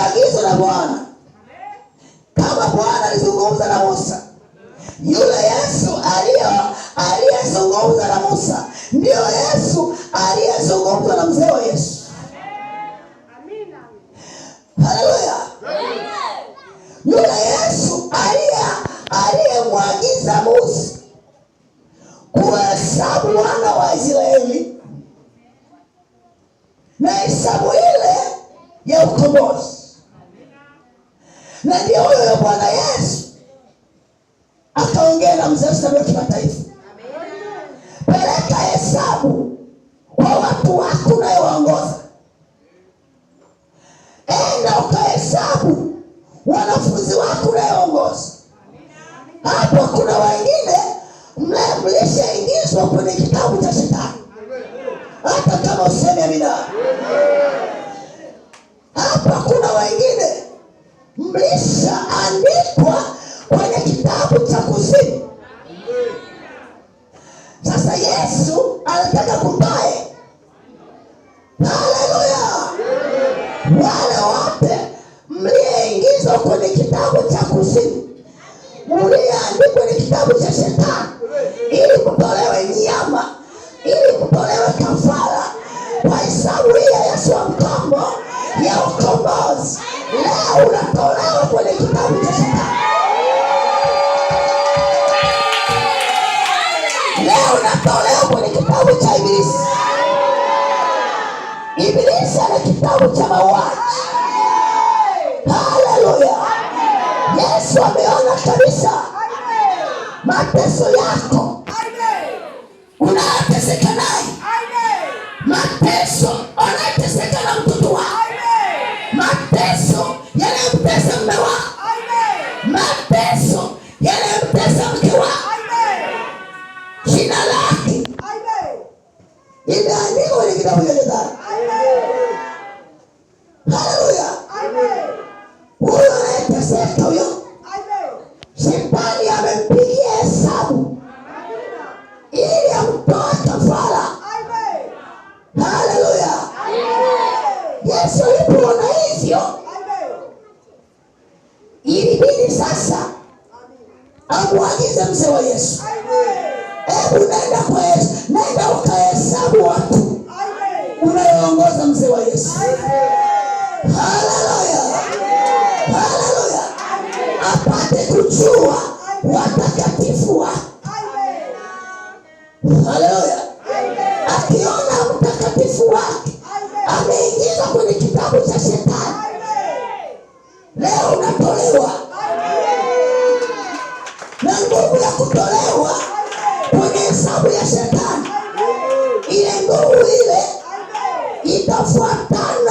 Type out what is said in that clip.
aliagizwa na Bwana kama Bwana alizungumza na Musa, yule Yesu aliyezungumza na Musa ndiyo Yesu aliyezungumza na mzee wa Yesu. Haleluya! Yule Yesu aliyemwagiza Musa kuwahesabu wana wa Israeli na hesabu ile ya ukombozi na ndio huyo ya Bwana Yesu akaongea na mzazi na kimataifa, peleka hesabu kwa watu wako unayowaongoza, enda ukahesabu wanafunzi wako unayoongoza. Hapo kuna wengine mlishaingizwa kwenye kitabu cha Shetani, hata kama useme amina. imeandikwa kwenye kitabu cha kuzimu. Sasa Yesu anataka kumbaye, haleluya, wale wote mliyeingizwa kwenye kitabu cha kuzimu, mlioandikwa kwenye kitabu cha Shetani ili kutolewe nyama, ili kutolewe kafara kwa hesabu hiyo ya Yesu wa mkombo ya ukombozi, leo unatolewa unatolewa kwenye kitabu cha Ibilisi. Ibilisi ana kitabu cha mauaji. Haleluya! Yesu ameona kabisa mateso yake imeandikwa kwenye kitabu cha Methali. Haleluya! Huyo anayeteseka huyo, shetani amempigia hesabu ili amtoe kafara. Haleluya! Yesu alipoona hivyo, ilibidi sasa amwagize mzee wa Yesu, hebu nenda kwa Yesu, nenda hesabu watu, unayeongoza mzee wa Yesu. Haleluya, haleluya, apate kujua watakatifu wake. Haleluya, akiona mtakatifu wake ameingizwa kwenye kitabu cha shetani, leo unatolewa na nguvu ya kutolewa kwenye hesabu ya shetani nguvu ile itafuatana